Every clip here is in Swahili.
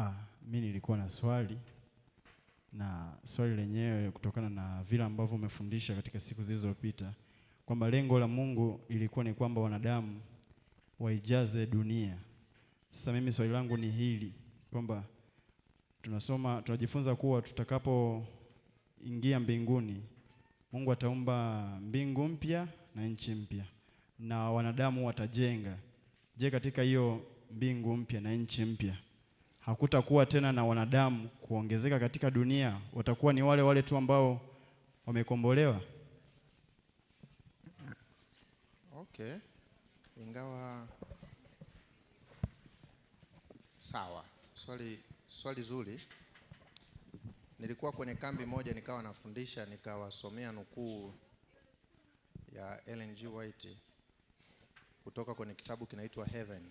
Ah, mi nilikuwa na swali na swali lenyewe kutokana na vile ambavyo umefundisha katika siku zilizopita kwamba lengo la Mungu ilikuwa ni kwamba wanadamu waijaze dunia. Sasa mimi swali langu ni hili kwamba tunasoma tunajifunza kuwa tutakapoingia mbinguni Mungu ataumba mbingu mpya na nchi mpya na wanadamu watajenga. Je, katika hiyo mbingu mpya na nchi mpya hakutakuwa tena na wanadamu kuongezeka katika dunia, watakuwa ni wale wale tu ambao wamekombolewa. Okay, ingawa sawa, swali swali zuri. Nilikuwa kwenye kambi moja, nikawa nafundisha, nikawasomea nukuu ya Ellen G. White kutoka kwenye kitabu kinaitwa Heaven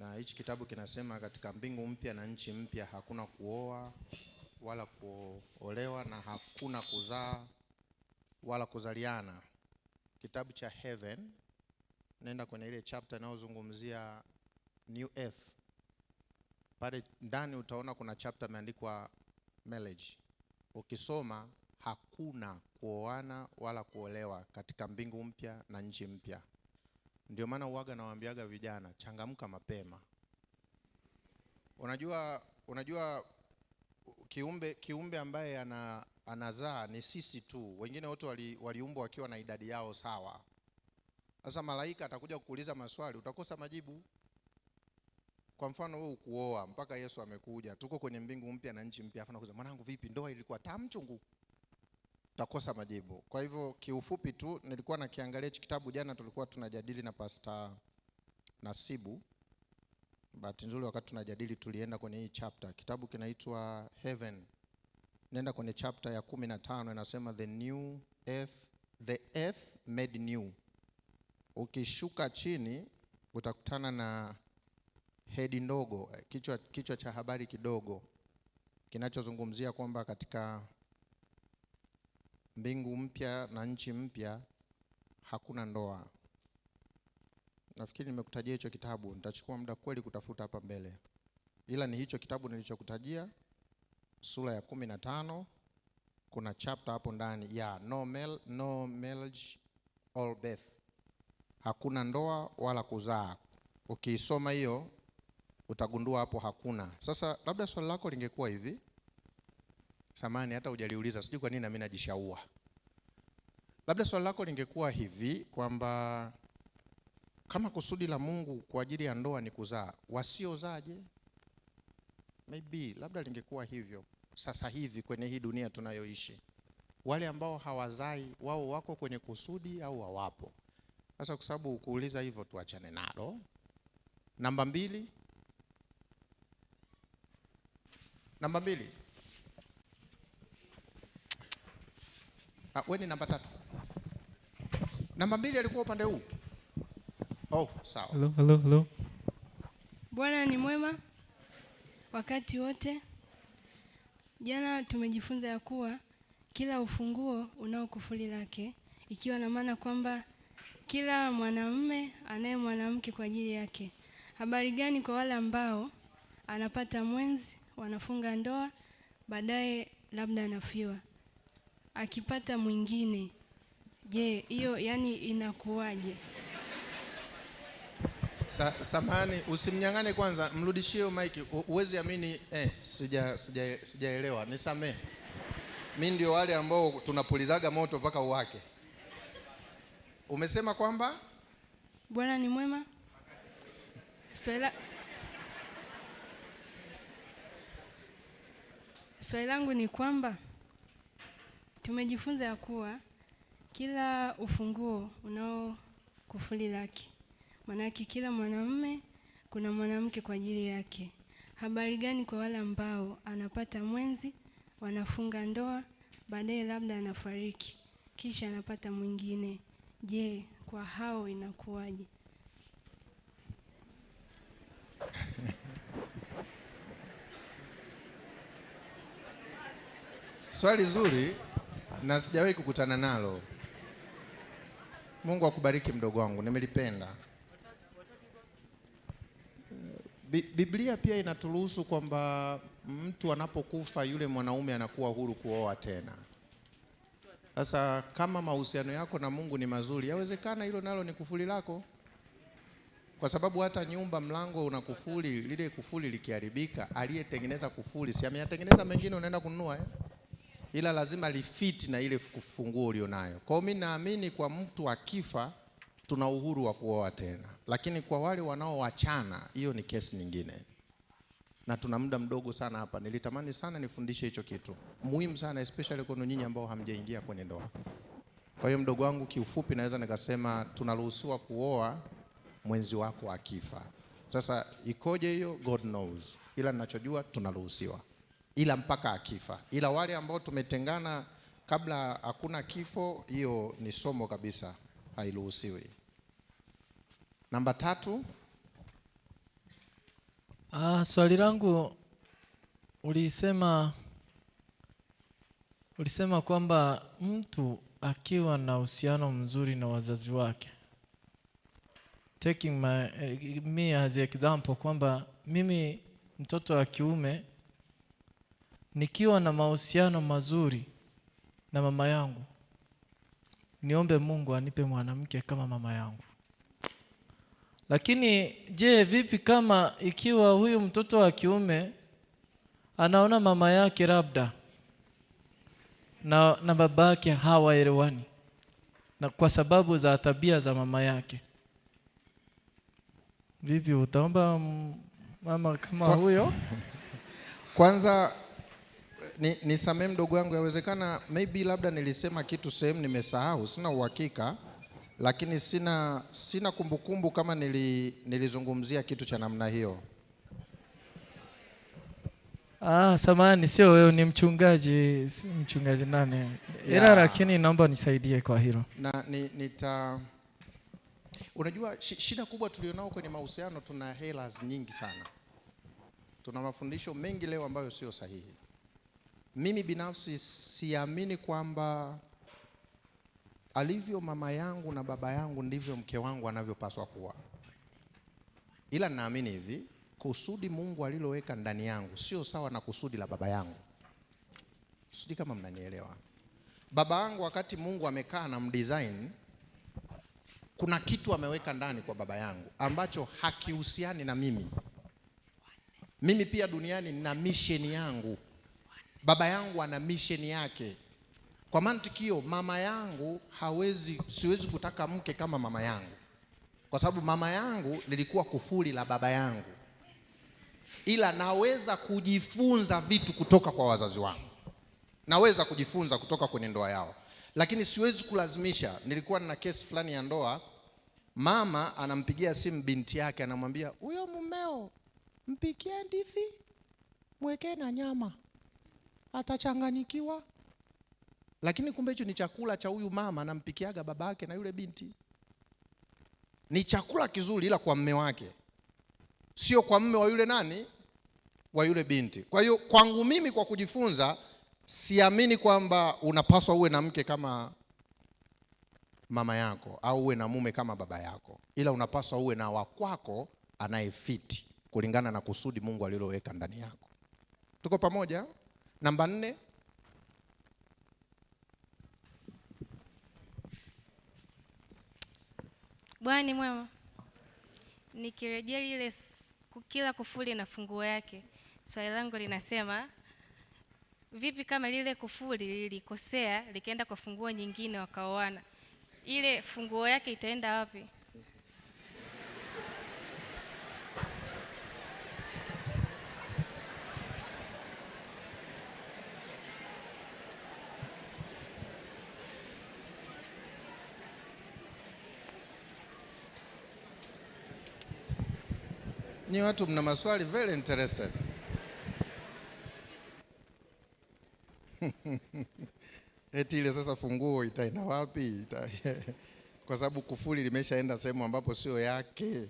na hichi kitabu kinasema katika mbingu mpya na nchi mpya hakuna kuoa wala kuolewa na hakuna kuzaa wala kuzaliana. Kitabu cha Heaven, naenda kwenye ile chapter inayozungumzia new earth, pale ndani utaona kuna chapter imeandikwa marriage. Ukisoma hakuna kuoana wala kuolewa katika mbingu mpya na nchi mpya. Ndio maana uwaga nawaambiaga vijana, changamka mapema. Unajua, unajua kiumbe, kiumbe ambaye ana, anazaa ni sisi tu, wengine wote waliumbwa wali wakiwa na idadi yao sawa. Sasa malaika atakuja kukuuliza maswali, utakosa majibu. Kwa mfano wewe ukuoa mpaka Yesu amekuja, tuko kwenye mbingu mpya na nchi mpya, afa nakuza mwanangu, vipi ndoa ilikuwa tamchungu utakosa majibu. Kwa hivyo kiufupi tu nilikuwa nakiangalia hichi kitabu jana, tulikuwa tunajadili na Pastor Nasibu. Bahati nzuri wakati tunajadili tulienda kwenye hii chapter. Kitabu kinaitwa Heaven. Nenda kwenye chapter ya kumi na tano inasema the new earth, the earth made new. Ukishuka chini utakutana na hedi ndogo, kichwa, kichwa cha habari kidogo kinachozungumzia kwamba katika mbingu mpya na nchi mpya hakuna ndoa. Nafikiri nimekutajia hicho kitabu, nitachukua muda kweli kutafuta hapa mbele, ila ni hicho kitabu nilichokutajia, sura ya kumi na tano. Kuna chapter hapo ndani ya no, mel, no marriage all birth, hakuna ndoa wala kuzaa. Ukiisoma hiyo utagundua hapo hakuna. Sasa labda swali lako lingekuwa hivi Samani hata hujaliuliza, sijui kwa nini nami najishaua. Labda swali lako lingekuwa hivi kwamba kama kusudi la Mungu kwa ajili ya ndoa ni kuzaa, wasiozaje? Maybe labda lingekuwa hivyo sasa hivi kwenye hii dunia tunayoishi, wale ambao hawazai wao wako kwenye kusudi au hawapo? Sasa kwa sababu ukuuliza hivyo, tuachane nalo. Namba mbili, namba mbili. Ah, Weni namba tatu. Namba mbili alikuwa upande huu. Oh, sawa. Hello, hello, hello. Bwana ni mwema wakati wote. Jana tumejifunza ya kuwa kila ufunguo unao kufuli lake, ikiwa na maana kwamba kila mwanamume anaye mwanamke kwa ajili yake. Habari gani kwa wale ambao anapata mwenzi, wanafunga ndoa, baadaye labda anafiwa akipata mwingine, je, hiyo yani inakuwaje? Sa, samahani usimnyang'ane kwanza, mrudishie hiyo maiki. Huwezi amini eh, sijaelewa sija, sija nisamehe. Mi ndio wale ambao tunapulizaga moto mpaka uwake. Umesema kwamba Bwana ni mwema swala swali langu ni kwamba tumejifunza ya kuwa kila ufunguo unao kufuli lake, manake kila mwanamume kuna mwanamke kwa ajili yake. Habari gani kwa wale ambao anapata mwenzi, wanafunga ndoa, baadaye labda anafariki, kisha anapata mwingine. Je, kwa hao inakuwaje? Swali zuri na sijawahi kukutana nalo. Mungu akubariki mdogo wangu, nimelipenda. Biblia pia inaturuhusu kwamba mtu anapokufa yule mwanaume anakuwa huru kuoa tena. Sasa kama mahusiano yako na Mungu ni mazuri, yawezekana hilo nalo ni kufuli lako, kwa sababu hata nyumba mlango una kufuli, lile kufuli likiharibika, aliyetengeneza kufuli si ameyatengeneza mengine, unaenda kununua eh? ila lazima lifiti na ile funguo ulionayo. Kwa hiyo mimi naamini kwa mtu akifa tuna uhuru wa kuoa tena, lakini kwa wale wanaowachana hiyo ni kesi nyingine, na tuna muda mdogo sana hapa. Nilitamani sana nifundishe hicho kitu muhimu sana, especially kwenu nyinyi ambao hamjaingia kwenye ndoa. Kwa hiyo mdogo wangu, kiufupi, naweza nikasema tunaruhusiwa kuoa mwenzi wako akifa. Sasa ikoje hiyo, God knows, ila ninachojua tunaruhusiwa ila mpaka akifa. Ila wale ambao tumetengana kabla hakuna kifo, hiyo ni somo kabisa, hairuhusiwi. Namba tatu. Ah, swali langu ulisema ulisema kwamba mtu akiwa na uhusiano mzuri na wazazi wake, taking my, eh, me as example, kwamba mimi mtoto wa kiume nikiwa na mahusiano mazuri na mama yangu, niombe Mungu anipe mwanamke kama mama yangu. Lakini je, vipi kama ikiwa huyu mtoto wa kiume anaona mama yake labda na, na baba yake hawaelewani na kwa sababu za tabia za mama yake, vipi utaomba mama kama huyo? Kwanza ni, nisamee mdogo wangu, yawezekana maybe labda nilisema kitu sehemu nimesahau, sina uhakika, lakini sina sina kumbukumbu kama nili, nilizungumzia kitu cha namna hiyo. Ah, samani, sio wewe, ni mchungaji, si mchungaji nani? Ila lakini naomba nisaidie kwa hilo na ni, nita Unajua, shida kubwa tulionao kwenye mahusiano, tuna hela nyingi sana, tuna mafundisho mengi leo ambayo sio sahihi. Mimi binafsi siamini kwamba alivyo mama yangu na baba yangu ndivyo mke wangu anavyopaswa kuwa, ila naamini hivi, kusudi Mungu aliloweka ndani yangu sio sawa na kusudi la baba yangu. Sijui kama mnanielewa. Baba yangu wakati Mungu amekaa na mdesign, kuna kitu ameweka ndani kwa baba yangu ambacho hakihusiani na mimi. Mimi pia duniani nina misheni yangu baba yangu ana mission yake. Kwa mantikio, mama yangu hawezi, siwezi kutaka mke kama mama yangu, kwa sababu mama yangu nilikuwa kufuli la baba yangu, ila naweza kujifunza vitu kutoka kwa wazazi wangu, naweza kujifunza kutoka kwenye ndoa yao, lakini siwezi kulazimisha. Nilikuwa na kesi fulani ya ndoa, mama anampigia simu binti yake, anamwambia huyo mumeo mpikie ndizi, mwekee na nyama atachanganyikiwa. Lakini kumbe hicho ni chakula cha huyu mama anampikiaga babake na yule binti. Ni chakula kizuri, ila kwa mme wake, sio kwa mme wa yule nani, wa yule binti. Kwa hiyo kwangu mimi, kwa kujifunza, siamini kwamba unapaswa uwe na mke kama mama yako au uwe na mume kama baba yako, ila unapaswa uwe na wakwako anayefiti kulingana na kusudi Mungu aliloweka ndani yako. Tuko pamoja? Namba nne, Bwana ni mwema, nikirejea ile kila kufuli na funguo yake. Swali langu linasema vipi kama lile kufuli lilikosea likaenda kwa funguo nyingine wakaoana, ile funguo yake itaenda wapi? Ni watu mna maswali very interested. Eti ile sasa funguo itaenda wapi? Ita, kwa sababu kufuli limeshaenda sehemu ambapo sio yake.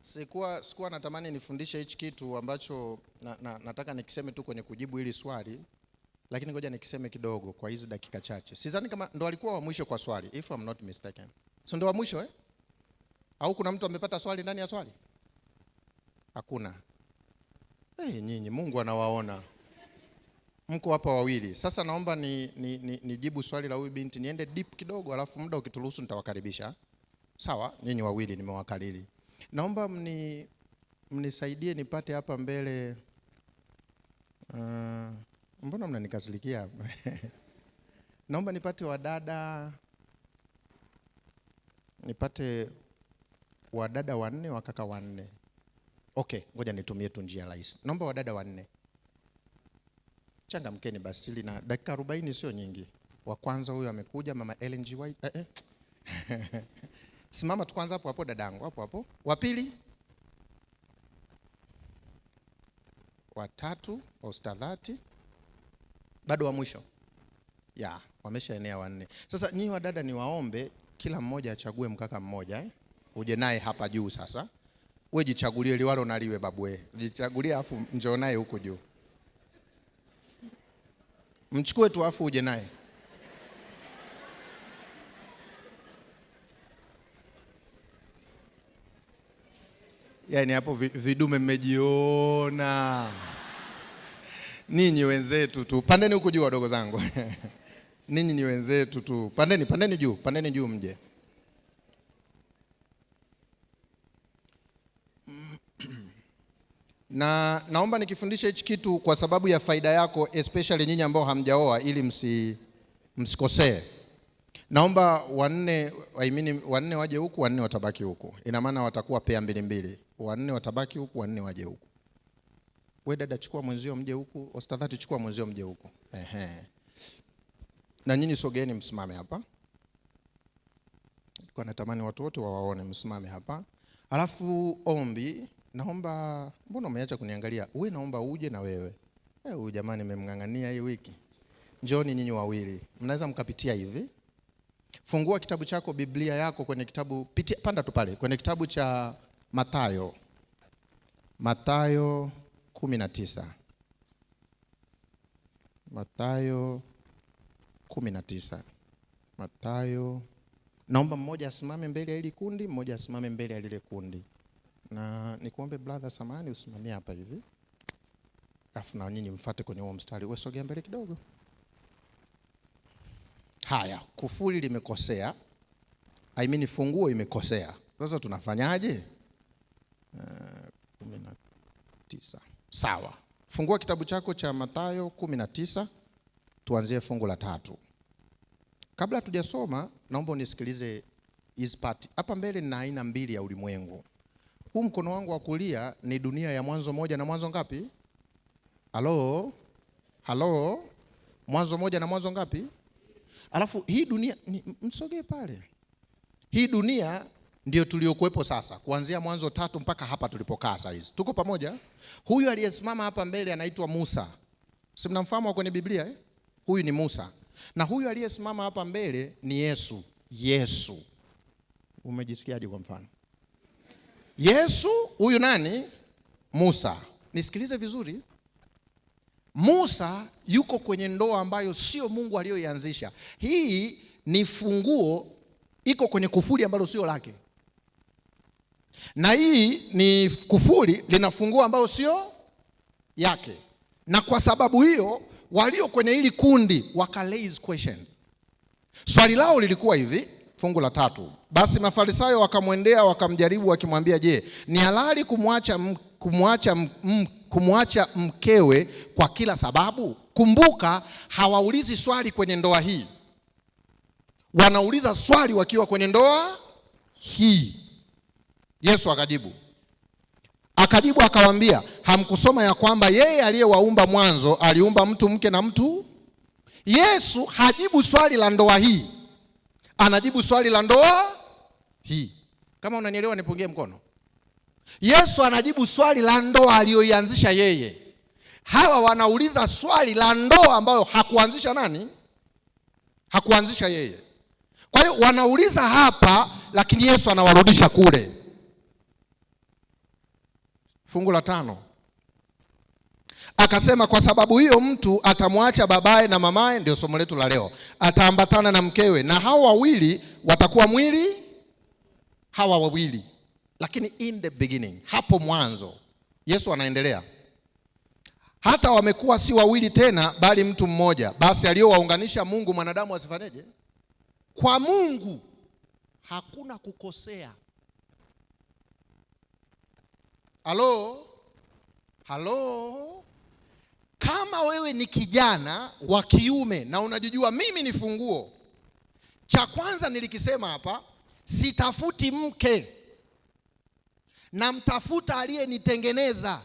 Sikuwa, sikuwa natamani nifundishe hichi kitu ambacho na, na, nataka nikiseme tu kwenye kujibu hili swali, lakini ngoja nikiseme kidogo kwa hizi dakika chache. Sidhani kama ndo alikuwa wa mwisho kwa swali, if I'm not mistaken. So ndo wa mwisho eh? Au kuna mtu amepata swali ndani ya swali? Hakuna. Hey, eh, nyinyi Mungu anawaona. Mko hapa wawili. Sasa naomba nijibu ni, ni, ni swali la huyu binti niende deep kidogo, alafu muda ukituruhusu nitawakaribisha. Sawa, nyinyi wawili nimewakalili. Naomba mni mnisaidie nipate hapa mbele. Uh, mbona mnanikasirikia Naomba nipate wadada nipate wadada wanne wakaka wanne. Okay, ngoja nitumie tu njia rahisi. Naomba wadada wanne, changamkeni ili na dakika 40 sio nyingi. Wa kwanza huyo amekuja, mama Ellen White. Eh, eh. Simama tu kwanza hapo hapo, dadangu hapo hapo. Wa pili, wa tatu, bado wa mwisho ya wameshaenea wanne. Sasa nyinyi wadada, ni waombe kila mmoja achague mkaka mmoja eh? uje naye hapa juu sasa. Wewe jichagulie liwalo na liwe babu, wewe jichagulie, afu njoo naye huko juu, mchukue tu, afu uje naye Yaani hapo vidume mmejiona ninyi wenzetu tu, pandeni huku juu wadogo zangu ninyi ni wenzetu tu, pandeni pandeni juu, pandeni juu mje. na naomba nikifundisha hichi kitu kwa sababu ya faida yako, especially nyinyi ambao hamjaoa, ili msi, msikosee. Naomba wanne, I mean, wanne waje huku, wanne watabaki huku. Ina maana watakuwa pea mbili mbili, wanne watabaki huku, wanne waje huku. Wewe dada, chukua mwenzio mje huku. Ostadhati, chukua mwenzio mje huku. Ehe, na nyinyi sogeni, msimame hapa. Kwa Natamani watu wote wawaone, msimame hapa, alafu ombi naomba, mbona umeacha kuniangalia? uwe naomba uje na wewe. Eh, huyu jamani memngangania hii wiki. Njoni nyinyi wawili. Mnaweza mkapitia hivi. Fungua kitabu chako, Biblia yako kwenye kitabu, pitia panda tu pale kwenye kitabu cha Mathayo. Mathayo tisa Mathayo tisa Mathayo. Naomba mmoja asimame mbele ya hili kundi, mmoja asimame mbele ya lile kundi na nikuombe brother, samani usimamie hapa hivi, alafu na nini mfate kwenye huo mstari, wewe sogea mbele kidogo. Haya, kufuli limekosea, I mean funguo imekosea. Sasa tunafanyaje? Eh, kumi na tisa. Sawa, fungua kitabu chako cha Mathayo kumi na tisa, tuanzie fungu la tatu. Kabla tujasoma, naomba unisikilize hizi part hapa mbele. Nina aina mbili ya ulimwengu huu mkono wangu wa kulia ni dunia ya Mwanzo moja na Mwanzo ngapi? Halo, halo, Mwanzo moja na Mwanzo ngapi? Alafu hii dunia, msogee pale. Hii dunia ndio tuliokuwepo sasa, kuanzia Mwanzo tatu mpaka hapa tulipokaa saa hizi. Tuko pamoja? Huyu aliyesimama hapa mbele anaitwa Musa, si mnamfahamu kwenye Biblia eh? Huyu ni Musa na huyu aliyesimama hapa mbele ni Yesu. Yesu, umejisikiaje kwa mfano Yesu huyu nani? Musa. Nisikilize vizuri. Musa yuko kwenye ndoa ambayo sio Mungu aliyoianzisha. Hii ni funguo iko kwenye kufuli ambalo sio lake, na hii ni kufuli lina funguo ambalo sio yake, na kwa sababu hiyo walio kwenye hili kundi waka raise question. Swali lao lilikuwa hivi Fungu la tatu. Basi Mafarisayo wakamwendea wakamjaribu wakimwambia, je, ni halali kumwacha kumwacha kumwacha mkewe kwa kila sababu? Kumbuka, hawaulizi swali kwenye ndoa hii, wanauliza swali wakiwa kwenye ndoa hii. Yesu akajibu akajibu akawaambia, hamkusoma ya kwamba yeye aliyewaumba mwanzo aliumba mtu mke na mtu? Yesu hajibu swali la ndoa hii anajibu swali la ndoa hii. Kama unanielewa nipungie mkono. Yesu anajibu swali la ndoa aliyoianzisha yeye. Hawa wanauliza swali la ndoa ambayo hakuanzisha nani? Hakuanzisha yeye. Kwa hiyo wanauliza hapa, lakini Yesu anawarudisha kule. Fungu la tano. Akasema kwa sababu hiyo mtu atamwacha babaye na mamaye, ndio somo letu la leo, ataambatana na mkewe, na hao wawili watakuwa mwili. Hawa wawili lakini, in the beginning, hapo mwanzo. Yesu anaendelea, hata wamekuwa si wawili tena, bali mtu mmoja. Basi aliyowaunganisha Mungu, mwanadamu asifanyeje? Kwa Mungu hakuna kukosea. Halo, halo kama wewe ni kijana wa kiume na unajijua mimi ni funguo, cha kwanza nilikisema hapa, sitafuti mke, namtafuta aliyenitengeneza.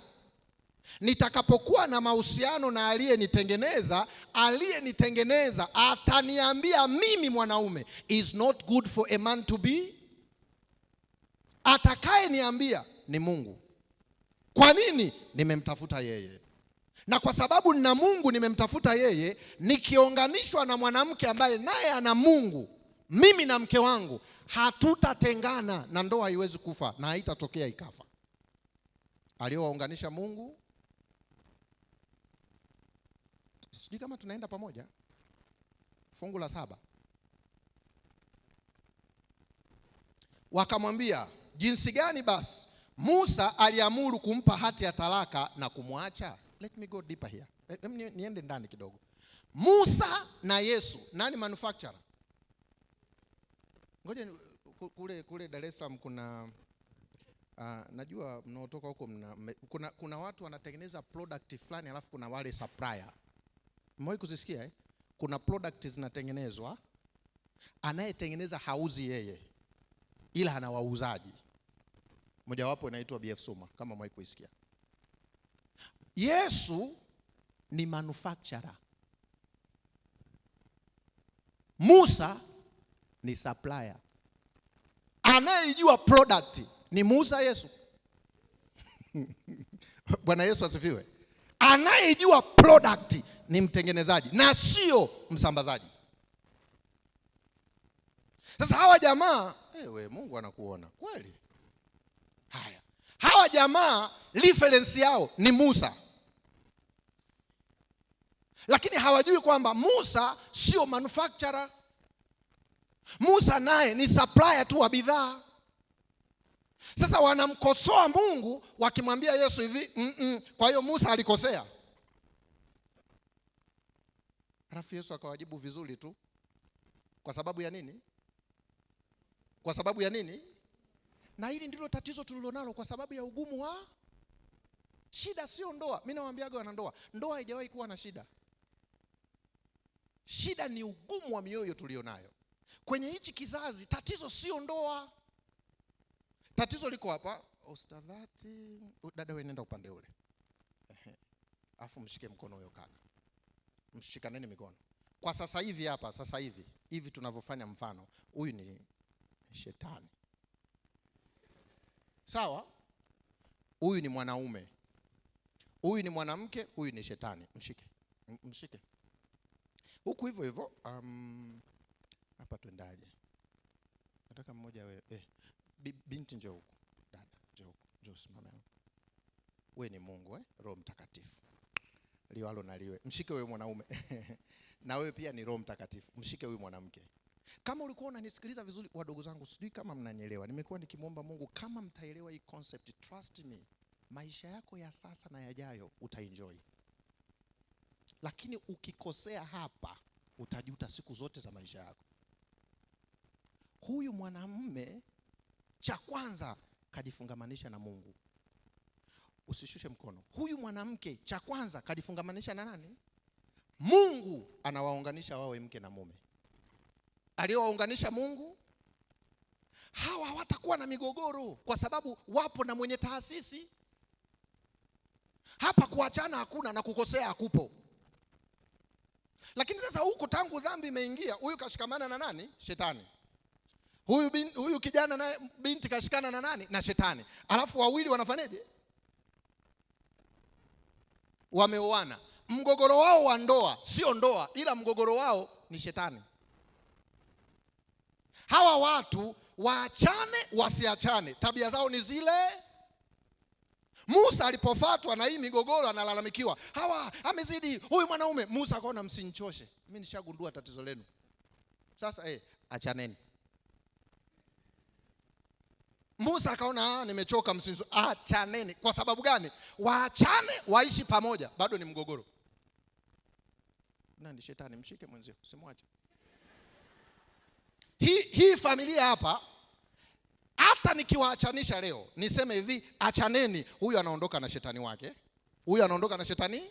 Nitakapokuwa na mahusiano na aliyenitengeneza, aliyenitengeneza ataniambia mimi mwanaume, is not good for a man to be. Atakayeniambia ni Mungu. Kwa nini? Nimemtafuta yeye na kwa sababu nina Mungu nimemtafuta yeye, nikiunganishwa na mwanamke ambaye naye ana Mungu, mimi na mke wangu hatutatengana, na ndoa haiwezi kufa na haitatokea ikafa. Aliyowaunganisha Mungu. Sijui kama tunaenda pamoja. Fungu la saba, wakamwambia jinsi gani basi Musa aliamuru kumpa hati ya talaka na kumwacha? let me go deeper here. Let eh, me niende ndani kidogo. Musa na Yesu, nani manufacturer? Ngoja kule kule Dar es Salaam kuna Uh, najua mnaotoka huko mna, kuna, kuna watu wanatengeneza product fulani alafu kuna wale supplier. Mmewahi kuzisikia eh? Kuna product zinatengenezwa, anayetengeneza hauzi yeye, ila ana wauzaji. Mojawapo inaitwa BF Suma, kama mwahi kuisikia. Yesu ni manufacturer, Musa ni supplier. Anayejua product ni Musa, Yesu Bwana Yesu asifiwe. Anayejua product ni mtengenezaji na sio msambazaji. Sasa hawa jamaa ewe, eh, Mungu anakuona kweli. Haya, hawa jamaa reference yao ni Musa lakini hawajui kwamba Musa sio manufacturer. Musa naye ni supplier tu wa bidhaa. Sasa wanamkosoa Mungu wakimwambia Yesu hivi mm -mm, kwa hiyo Musa alikosea. Halafu Yesu akawajibu vizuri tu. Kwa sababu ya nini? Kwa sababu ya nini? Na hili ndilo tatizo tulilonalo, kwa sababu ya ugumu wa shida. Sio ndoa. Mimi nawaambiaga wana ndoa, ndoa haijawahi kuwa na shida. Shida ni ugumu wa mioyo tulionayo kwenye hichi kizazi. Tatizo sio ndoa, tatizo liko hapa. Ustadhati dada, wewe nenda upande ule, afu mshike mkono huyo kaka, mshikaneni mikono kwa sasa hivi hapa, sasa hivi hivi tunavyofanya. Mfano huyu ni shetani, sawa? Huyu ni mwanaume, huyu ni mwanamke, huyu ni shetani. Mshike, mshike huku hivyo hivyo um, hapa twendaje? Nataka mmoja wewe. Eh, binti njoo huku. Dada, njoo Njoo simame Wewe ni Mungu eh? Roho Mtakatifu. Liwalo na liwe. Mshike wewe mwanaume. na wewe pia ni Roho Mtakatifu. Mshike huyu mwanamke. Kama ulikuwa unanisikiliza vizuri, wadogo zangu, sijui kama mnanyelewa Nimekuwa nikimwomba Mungu kama mtaelewa hii concept, trust me. Maisha yako ya sasa na yajayo utaenjoy lakini ukikosea hapa utajuta siku zote za maisha yako. Huyu mwanamume cha kwanza kajifungamanisha na Mungu. Usishushe mkono. Huyu mwanamke cha kwanza kajifungamanisha na nani? Mungu anawaunganisha wawe mke na mume. Aliyowaunganisha Mungu, hawa hawatakuwa na migogoro kwa sababu wapo na mwenye taasisi. Hapa kuachana hakuna na kukosea hakupo. Lakini sasa huku tangu dhambi imeingia, huyu kashikamana na nani? Shetani. Huyu, bin, huyu kijana naye binti kashikana na nani? Na shetani. Alafu wawili wanafanyaje? Wameoana. Mgogoro wao wa ndoa sio ndoa, ila mgogoro wao ni shetani. Hawa watu waachane, wasiachane, tabia zao ni zile Musa alipofatwa na hii migogoro, analalamikiwa hawa, amezidi huyu mwanaume. Musa akaona msinchoshe mimi nishagundua tatizo lenu sasa, eh, achaneni. Musa akaona ah, nimechoka, msinzo, achaneni. Kwa sababu gani? Waachane waishi pamoja, bado ni mgogoro. Nani shetani, mshike mwenzio, simwache hii hii familia hapa hata nikiwaachanisha leo niseme hivi, achaneni, huyu anaondoka na shetani wake, huyu anaondoka na shetani.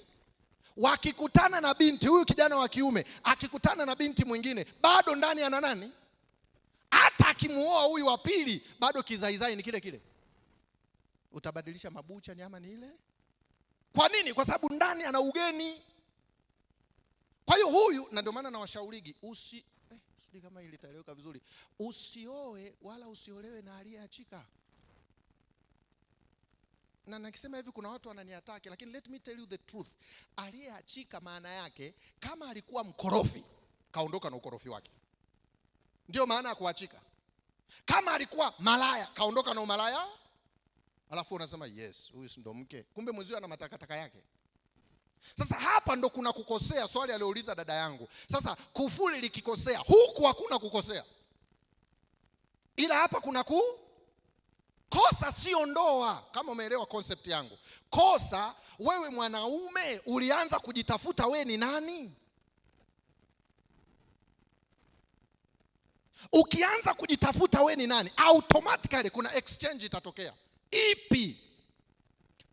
Wakikutana na binti huyu, kijana wa kiume akikutana na binti mwingine, bado ndani ana nani? Hata akimuoa huyu wa pili, bado kizaizai ni kile kile. Utabadilisha mabucha, nyama ni ile. Kwa nini? Kwa sababu ndani ana ugeni. Kwa hiyo huyu, na ndio maana nawashaurigi usi Sijui kama ilitaeleweka vizuri. Usioe wala usiolewe na aliyeachika. Na nakisema hivi, kuna watu wananiataki, lakini let me tell you the truth. Aliyeachika maana yake kama alikuwa mkorofi, kaondoka na ukorofi wake, ndio maana ya kuachika. Kama alikuwa malaya, kaondoka na umalaya. Alafu unasema yes, huyu si ndo mke, kumbe mwenzio ana matakataka yake. Sasa hapa ndo kuna kukosea, swali aliouliza dada yangu. Sasa kufuli likikosea, huku hakuna kukosea, ila hapa kuna ku kosa sio ndoa, kama umeelewa konsepti yangu. Kosa wewe mwanaume ulianza kujitafuta we ni nani. Ukianza kujitafuta we ni nani, automatically kuna exchange itatokea. Ipi?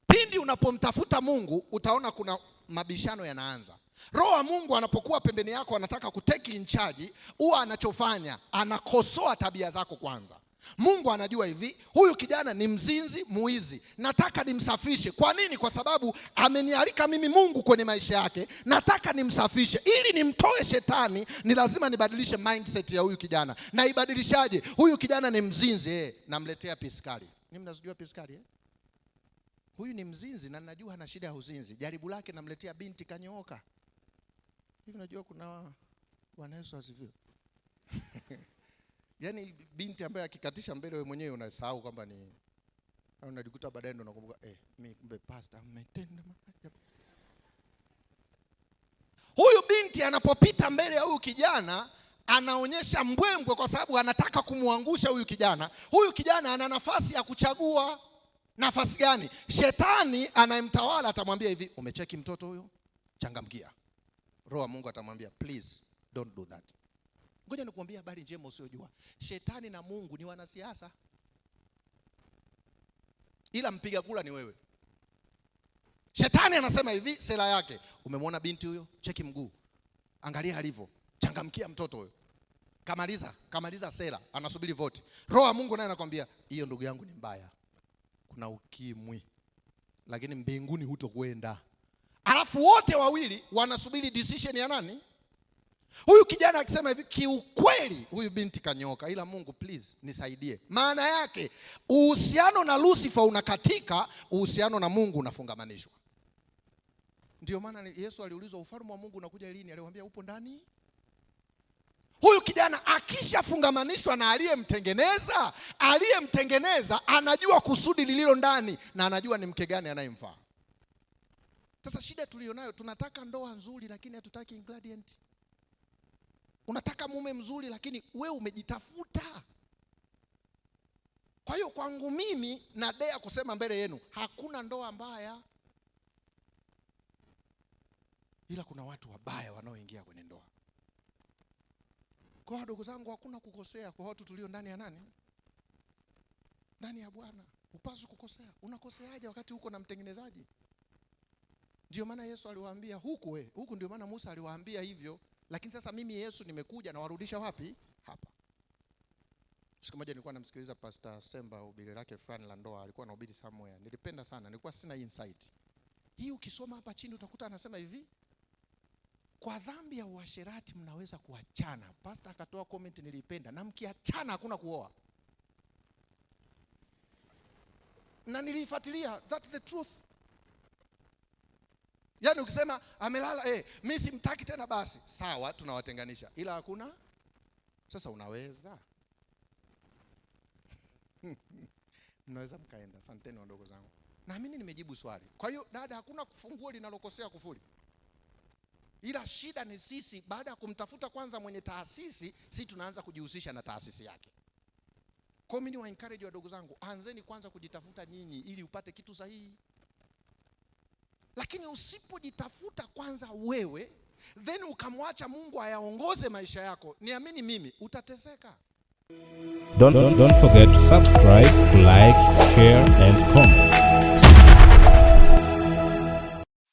Pindi unapomtafuta Mungu utaona kuna mabishano yanaanza. Roho wa Mungu anapokuwa pembeni yako, anataka kuteki charge, huwa anachofanya anakosoa tabia zako kwanza. Mungu anajua hivi, huyu kijana ni mzinzi, muizi, nataka nimsafishe. Kwa nini? Kwa sababu amenialika mimi Mungu kwenye maisha yake, nataka nimsafishe. Ili nimtoe shetani, ni lazima nibadilishe mindset ya huyu kijana. Naibadilishaje? Huyu kijana ni mzinzi eh, namletea piskari. Ni mnazijua piskari eh? huyu ni mzinzi na najua ana shida ya uzinzi, jaribu lake namletea binti kanyooka hivi. Najua kuna Bwana Yesu asifiwe. Yaani binti ambaye akikatisha mbele, wewe mwenyewe unasahau kwamba ni au unajikuta baadaye ndo unakumbuka eh, mimi kumbe pastor mmetenda maajabu. Huyu binti anapopita mbele ya huyu kijana anaonyesha mbwembwe, kwa sababu anataka kumwangusha huyu kijana. Huyu kijana ana nafasi ya kuchagua nafasi gani? Shetani anayemtawala atamwambia hivi, umecheki mtoto huyo, changamkia. Roho wa Mungu atamwambia please don't do that. Ngoja nikuambia habari njema usiyojua, shetani na Mungu ni wanasiasa, ila mpiga kula ni wewe. Shetani anasema hivi, sera yake, umemwona binti huyo, cheki mguu, angalia alivyo, changamkia mtoto huyo Kamaliza, kamaliza sera, anasubiri voti. Roho ya Mungu naye anakwambia hiyo ndugu yangu ni mbaya, kuna ukimwi, lakini mbinguni hutokwenda. Alafu wote wawili wanasubiri decision ya nani? Huyu kijana akisema hivi, kiukweli huyu binti kanyoka, ila Mungu please nisaidie. Maana yake uhusiano na Lucifer unakatika, uhusiano na Mungu unafungamanishwa. Ndio maana Yesu aliulizwa ufalme wa Mungu unakuja lini? Aliwaambia upo ndani Huyu kijana akishafungamanishwa na aliyemtengeneza, aliyemtengeneza anajua kusudi lililo ndani na anajua ni mke gani anayemfaa. Sasa shida tuliyonayo, tunataka ndoa nzuri, lakini hatutaki ingredient. Unataka mume mzuri, lakini we umejitafuta. Kwa hiyo kwangu mimi na dea kusema mbele yenu, hakuna ndoa mbaya, ila kuna watu wabaya wanaoingia kwenye ndoa kwa hiyo ndugu zangu, hakuna kukosea kwa watu tulio ndani ya nani? Ndani ya Bwana. Upasu kukosea. Unakoseaje wakati huko na mtengenezaji? Ndio maana Yesu aliwaambia huku we, huku ndio maana Musa aliwaambia hivyo, lakini sasa mimi Yesu nimekuja na warudisha wapi? Hapa. Siku moja nilikuwa namsikiliza Pastor Semba ubiri lake fulani la ndoa, alikuwa anahubiri somewhere. Nilipenda sana, nilikuwa sina insight. Hii ukisoma hapa chini utakuta anasema hivi, kwa dhambi ya uasherati mnaweza kuachana. Pastor akatoa comment nilipenda, na mkiachana hakuna kuoa. Na nilifuatilia that the truth. Yaani ukisema amelala eh, mimi simtaki tena, basi sawa, tunawatenganisha, ila hakuna sasa. Unaweza mnaweza mkaenda. Asanteni wadogo zangu, naamini nimejibu swali. Kwa hiyo dada, hakuna kufungua linalokosea kufuli ila shida ni sisi, baada ya kumtafuta kwanza mwenye taasisi, si tunaanza kujihusisha na taasisi yake. Kwa mimi ni wa encourage wadogo zangu, anzeni kwanza kujitafuta nyinyi, ili upate kitu sahihi. Lakini usipojitafuta kwanza wewe, then ukamwacha Mungu ayaongoze maisha yako, niamini mimi utateseka. Don't, don't, don't forget to subscribe, like, share and comment.